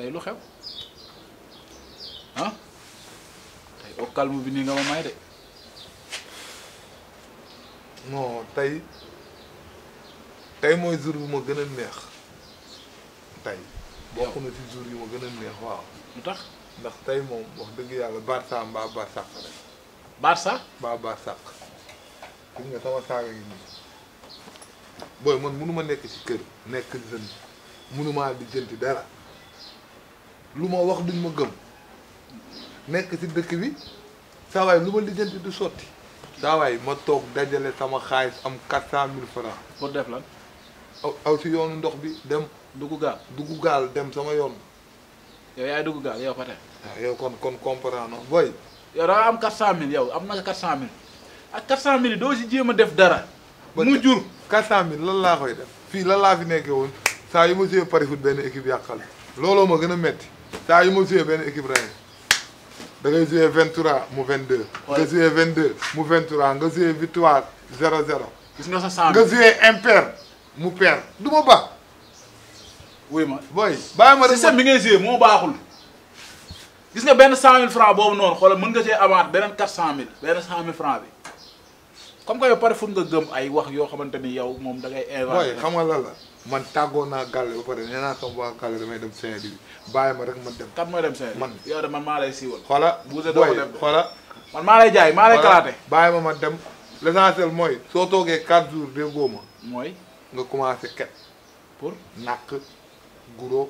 tey lu xew ah tey au calme bi nii nga ma may de. non tey tey mooy jour bu ma gën a neex tey. bokk na ci jour yu ma gën a neex waaw. lu tax ndax tey moom wax dëgg yàlla Barça mbaa Barsaq rek. Barça. mbaa Barsaq. gis nga sama saaga yi nii booy man mënu nekk ci kër nekk jeune mënu maa di jënti dara. lu ma wax duñ ma gëm nekk ci dëkk bi saa waay lu ma lijjanti du sotti saa waay ma toog dajale sama xaalis am quatre cent mille francs pour def lan aw aw ci yoonu ndox bi dem dugg gaal duggu gaal dem sama yoon yow yaay dugg gaal yow Pathe waaw ah, yow kon kon comprendre non boy yow da am quatre cent mille yow am na quatre cent mille ak quatre cent mille doo ci jéem a def dara mu jur quatre cent mille lan laa koy def fii lan laa fi nekkee woon saa yu ma see pari foot benn équipe looloo ma gën a metti saa yu ma joué benn équipe ren da ngay vingt 23 mu 22. nga joué 22 mu 23 nga joué victoire 0 0. gis nga sa sang nga joué impair mu pair du ma ba. wuy ma booy bàyyi ma rek système bi ngay joué moo baaxul. gis nga benn 100000 francs boobu noonu xoolal mën nga see amaat beneen 400000 benn 100000 francs bi comme que yow pare fut nga gëm ay wax yoo xamante ni yow moom da ngay. inventé booy xam nga lan la. man tàggoo naa gàlle ba pare nee naa sama waa gàlle damay dem saint bàyyi ma rek ma dem. kat mooy dem Saint-Louis man yow de man maa lay siiwal. xoola booy xoola. man maa lay jaay maa lay kalaate. bàyyi ma ma dem l'essentiel mooy soo toogee quatre jours déggoo ma. mooy nga commencé ket. pour nàkk guro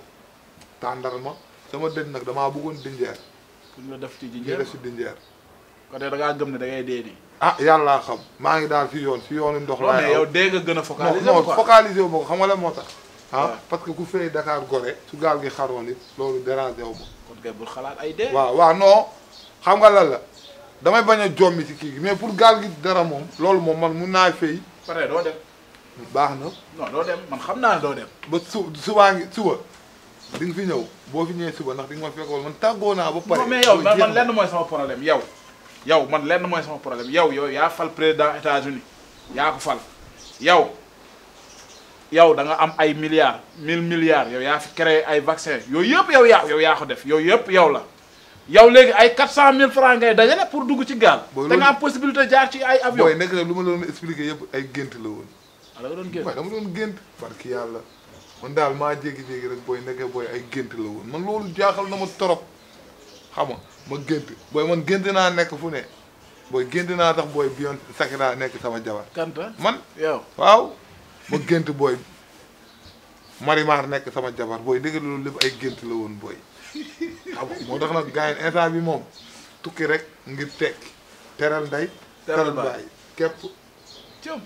tàndarma sama dënn nag damaa bëggoon dinjeer. pour nga def ci dinjeer nga def ci dinjeer. côté da gëm ne da ngay dee nii. ah yàlla xam maa ngi daal si yoon si yoonu ndox. laa mais yow dégg nga gën a focaliser wu focaliser wu ma ko xam nga la moo tax. ah parce que ku fay Dakar Gorée. su gaal gi xaroon it loolu déranger wu ma. kon kay bul xalaat ay dee. waaw waaw non xam nga lan la damay bañ a jommi si kii gi mais pour gaal gi dara moom. loolu moom man mun naa fay. pare doo dem. baax na. non doo dem man xam naa ne doo dem. ba su subaa ngi suba di nga fi ñëw boo fi ñëwee suba ndax di nga ma fekkoon man tàggoo naa ba pare. non mais yow man lenn mooy sama problème yow. yow man lenn mooy sama problème yow yow yaa fal président États-Unis yaa ko fal yow yow da nga am ay milliards mille milliards yow yaa fi créé ay vaccin yooyu yëpp yow yaa yow yaa ko def yooyu yëpp yow la yow léegi ay quatre cent mille francs ngay dajale pour dugg ci gaal. da nga am possibilité jaar ci ay avion. booy nekk nag lu ma doon expliqué yëpp ay gént la woon. ah da nga gént waaye dama yàlla man daal maa jékki rek booy nekkee booy ay gént la woon man loolu jaaxal na ma torop xam nga ma gént booy man gént naa nekk fu ne booy gént naa tax booy biyoon sakira nekk sama jabar kanta man waaw ma gént booy marimar nekk sama jabar booy ndeke loolu lépp ay gént la woon booy xam moo tax nag gars yi bi moom tukki rek ngir tekki teral ndey teral baay képp cëm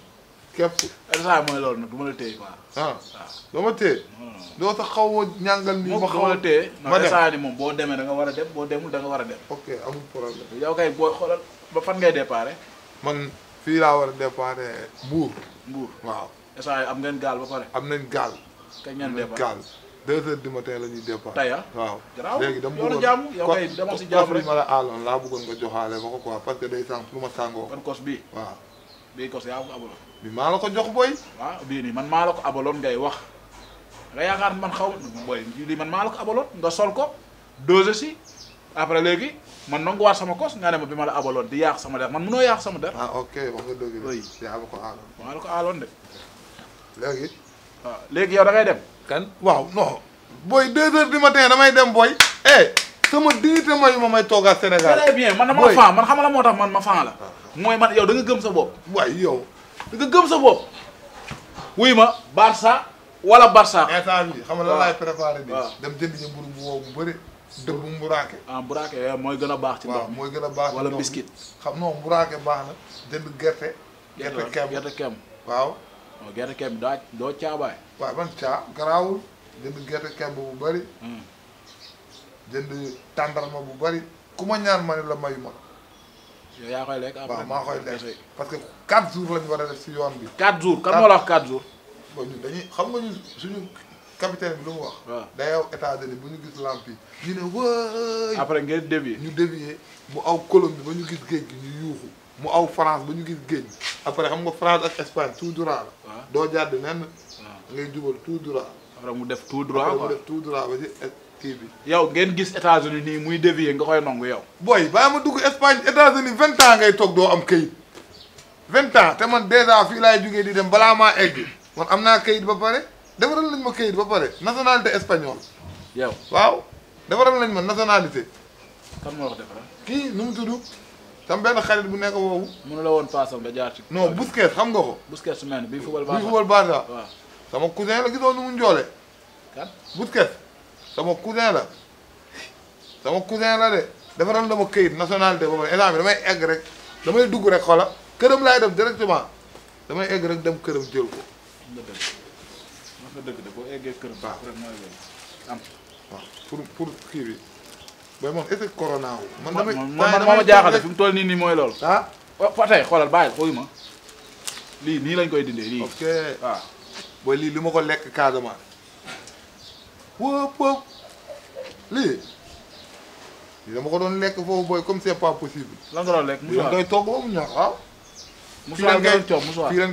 képp. instant mooy loolu nag du ma la téye quoi. ah, ah. doo ma téye. Hmm. doo tax xaw a ñàngal nii ma xaw a téye. ma dem instant moom boo demee da nga war a dem boo demul danga nga war a dem. ok amul problème. yow kay boo ba fan ngay départ. man fii laa war a départ Mbour. Mbour waaw. instant am ngeen gaal ba pare. am nañ gaal. kañ ngeen départ gaal. la ñuy départ. tey ah? waaw léegi dama bëggoon yow nga joxaale ma ko quoi parce que day sànq lu ma sàngoo. kon kos bi waaw. bii kos yaa ko bi maa jox boy. waaw bii man maa la ko abaloon ngay wax nga yaakaar man xaw boy lii man maa la nga sol ko dose après man sama kos nga ne ma bi ma la di yaax sama der man mënoo yaax sama der. ah ok wax nga dëgg. oui yaa ma ko aaloon. de. léegi. waaw ah, léegi yow da ngay dem. kan wow no boy deux heures du matin damay dem boy. eh sama dignité mooy ma may toogaa Sénégal. très bien man dama la man man ma la. Ah. mooy man yow danga gëm sa bopp. waaye yow. da nga gëm sa bopp. wuy ma Barça wala Barça. état bi xam nga lan laay préparé. waaw dem jëndi ñu mburu bu wow bu bëri. dëbb mburaake. ah eh, mooy gën a baax. ci ndox mooy gën a baax wala biscuit. xam non mburaake baax na jënd gerte. gerte kem gerte kem. waaw. Oh, gerte kem daa doo caabaay. waaw man caa garaawul jënd gerte kem bu bëri. Hmm. jënd tàndarma bu bari ku ma ñaan ma ne la mayu yow yaa koy lekk après waaw koy lekk parce que 4 jours lañu war a def si yoon bi. 4 jours kan moo la wax jours. dañuy xam nga ñu suñu capitaine bi lu mu wax. day aw États-Unis bu ñu gis lampe yi ñu ne wëëy. après ngeen dévier ñu dévier mu aw Colombie ba ñu gis géej gi ñu yuuxu mu aw France ba ñu gis géej gi après xam nga France ak Espagne tout droit la. waaw doo jàdd nenn. ngay jubal tout droit. après mu def tout droit quoi mu def tout droit ba ci. kii bi yow ngeen gis États-Unis nii muy dévier nga koy nangu yow. booy baa ma dugg Espagne États-Unis vingt ans ngay toog doo am këyit vingt ans te man dèjà fii laay jugee di dem balaa maa egg man am naa kayit ba pare defaral lañ ma këyit ba pare nationalité espagnole. yow waaw defaral lañ ma nationalité. kan moo wax defaral. kii nu mu tudd. sam benn xarit bu nekk woowu. mënu la woon paasam nga jaar ci. non Busquets xam nga ko. Busquets su mel ni bii football Barça bii football Barça. waaw sama cousin la gisoo nu mu njoole. kan Busquets. sama cousin la sama cousin la de defaral na ma këyit nationalité boobu état bi damay egg rek damay dugg rek xoola këram laay dem directement damay egg rek dem këram jël ko. nga dëgg de boo eggee pour pour kii bi booy moom est-ce que corona wu. man damay man ma jaaxale fi mu toll nii nii mooy lool ah oh, fa tey xoolal bàyyi xooyu ma lii nii lañ koy dindee lii. ok ah. booy lii li ma ko lekk Casamance. wóop wóop lii lii dama ko doon lekk foofu booy comme c'est pas possible. lan nga doon lekk musuwaar koy togg ba mu ñor waaw.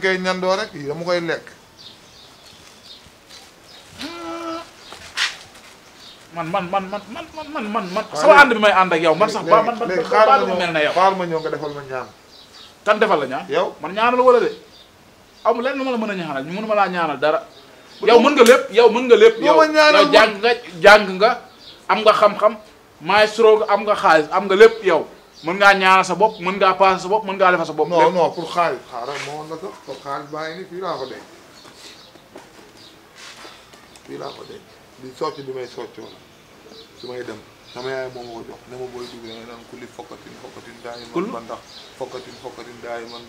koy ñandoo rek lii dama koy lekk. man man man man man man man man sama ànd bi may ànd ak yow man sax ba man man xaaral ma mel na yow xaaral ma ñëw nga defal ma ñaan kan defal la ñaan yow man ñaanal wala de amul lenn ma la mën a ñaanal ñu mënuma laa ñaanal dara yow mën nga lépp yow mën nga lépp yow yow jàng nga jàng nga am nga xam-xam maestro nga am nga xaalis am nga lépp yow mën ngaa ñaanal sa bopp mën ngaa paase sa bopp mën ngaa defal sa bopp non non pour xaalis xaaral moo na sax pour xaalis baa ngi ni fii laa ko denc fii laa dem sama yaay moom ma ko jox ne ma booy duggee nga naan kulli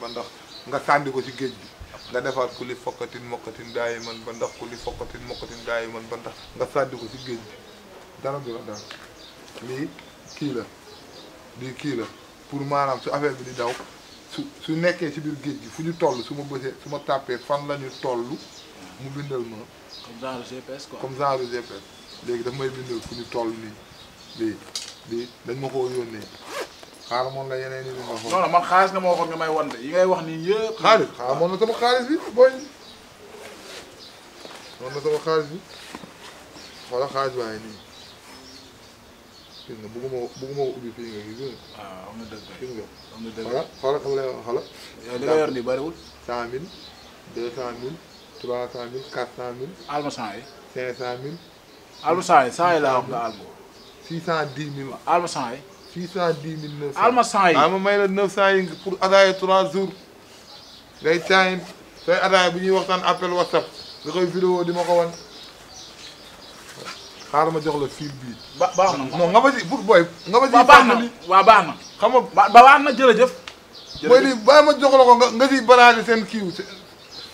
ba ndax nga sànni ko ci géej bi nga defaat ku li fokkatin mokkatin gaa yi man ba ndax ku li fokkatin mokkatin gaa yi man ba ndax nga sàddi ko ci géej dara du la daal lii kii la lii kii la pour maanaam su affaire bi di daw su su nekkee ci biir géej gi fu ñu toll su ma bësee su ma tàppee fan la ñu toll mu bindal ma. comme genre GPS comme genre GPS léegi daf may bindal fu ñu toll nii lii lii dañ ma koo yónnee. xaar moom la yeneen yi ñu non non man xaalis nga ma waxoon nga may wante yi ngay wax nii yëpp. xaalis xaar moom na sama xaalis bi booy. moom na sama xaalis bi xoolal xaalis baa ngi nii gis nga bëgguma bëgguma ubbi fii nga gis nga. waaw ah, am na dëgg la gis nga. am na dëgg la xoolal xoolal xoolal. yow li nga yor nii bariwul. cent mille deux cent mille trois cent mille quatre cent mille. alma cent yi. cinq cent mille. alma cent yi cent yi laa wax nga alma. six cent dix mille alma cent yi. 610 900. al ma 100 yi waaw ma may la 900 yi pour adaaya 3 jours day saayin say adaaya bu ñuy waxtaan appel whatsapp nga koy vidéo di ma ko wan xaaral ma jox la fil bii. ba baax na non nga ba ci pour booy. nga ba ci baax na waaw baax na. xam nga ba baax na jërëjëf. jërëjëf booy di bàyyi ma jox la ko nga nga ciy branché seen kiiw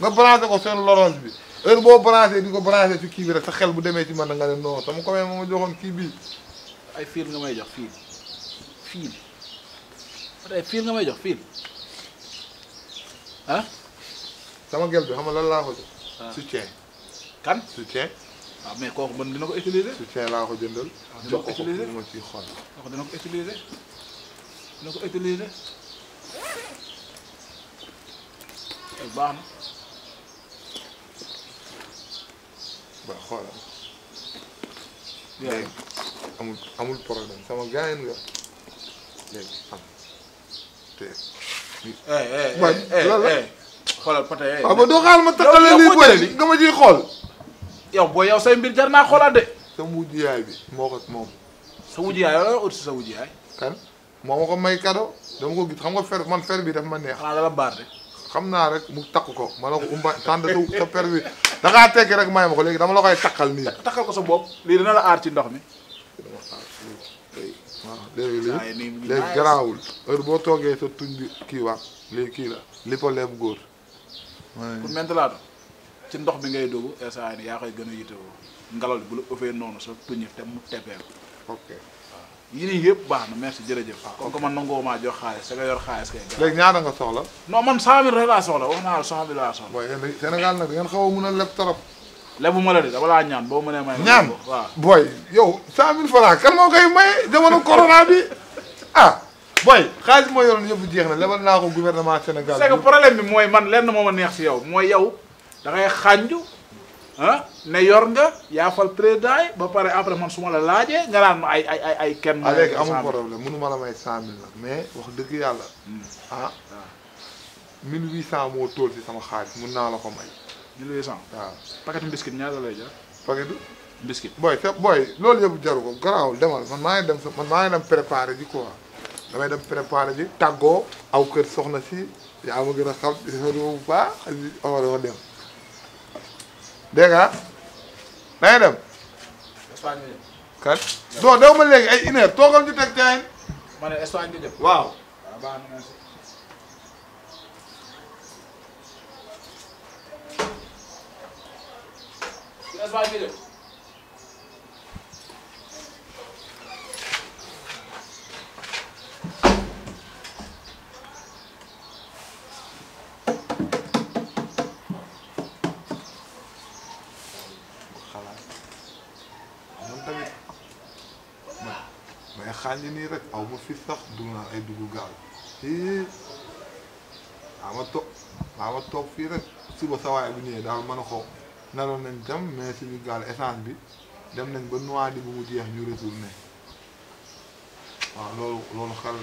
nga branché ko seen lorange bi heure boo branché di ko branché ci kii bi rek sa xel bu demee ci man nga ne non sama commune ma ma joxoon kii bii. ay fil nga may jox fil. fiil ba tey fiil nga may jox fiil ah. sama gel bi xam nga lan laa ko jox. Ah. soutien. kan soutien. Ah, mais kooku man dina ko utiliser. soutien laa ko jëndal. Ah, jox ko ko pour ma ciy xool. kooku dina ko utiliser dina ko utiliser. amul amul problème sama gars nga. man lan la xoolal Patey. waaw man doo xaaral ma tàqalee lii boole li nga ma ciy xool. yow boo yow say mbir jar naa xoolaat de. sa wujj yaay bi moo ko moom. sa wujj yaay wala ut si sa wujj yaay. kan moo ma ko may cadeau dama ko gis xam nga fer man fer bi daf ma neex. xanaa dala xam naa rek mu takk ko ma ne ko umba tàndatu sa fer bi da tekki rek may ma ko léegi dama la koy takkal nii. ko sa bopp lii dina la aar ci ndox mi. waaw léegi léegi léegi garaawul heure boo toogee sa tuñ bi kii waat léegi kii la li problème góor. pour maintenant ci ndox bi ngay dugg instant eh, yii yaa koy gën a yittewoo ngelaw li bu la ëffee noonu sa tuñ te mu teppee ko. ok yi nii yëpp baax na merci jërëjëf. waaw kon ko man nangoo maa jox xaalis te ko yor xaalis kay. léegi ñaata nga soxla. noo man 100000 rek laa soxla wax naa la 100000 laa soxla. waaye Sénégal nag ngeen xaw a mun a leb trop. lebu ma la de dama laa ñaan boo mënee may. ñaan waaw booy yow cent mille francs kan moo koy may jamono corona bi ah. boy xaalis moo yoroon yëpp leva na lebal naa ko gouvernement Sénégal. c'est que problème bi mooy man lenn moo ma neex si yow o yow da ngay xànju ah ne yor nga yaa fal président yi ba pare après man su ma la laajee nga naan ma ay ay ay ay kenn. ma ah, léegi amul problème mënu mais wax dëgg yàlla. Hmm. ah mille huit cent moo tool si sama xaalis mun naa 1800 waaw ah. paquetu biscuit ñaata lay jar. paquetu. biscuit booy te booy loolu yëpp jaru ko garaawul demal man maa ngi dem man maa ngi dem préparé ji quoi damay dem préparé ji tàggoo aw kër soxna si yaa ma gën a ma dem dégg nga dangay ma léegi ay une heure toogal teg teen. waaw. Ah, That's what I do. Wij gaan die niet rek, oude vis zag doen aan het Google. Hé, aan wat top, aan wat top vieren. Zie wat zou hij man nog naroon nañ tam mais suñu gaal essence bi dem nañ ba noix di bu mu jeex ñu retourné waaw loolu loolu xel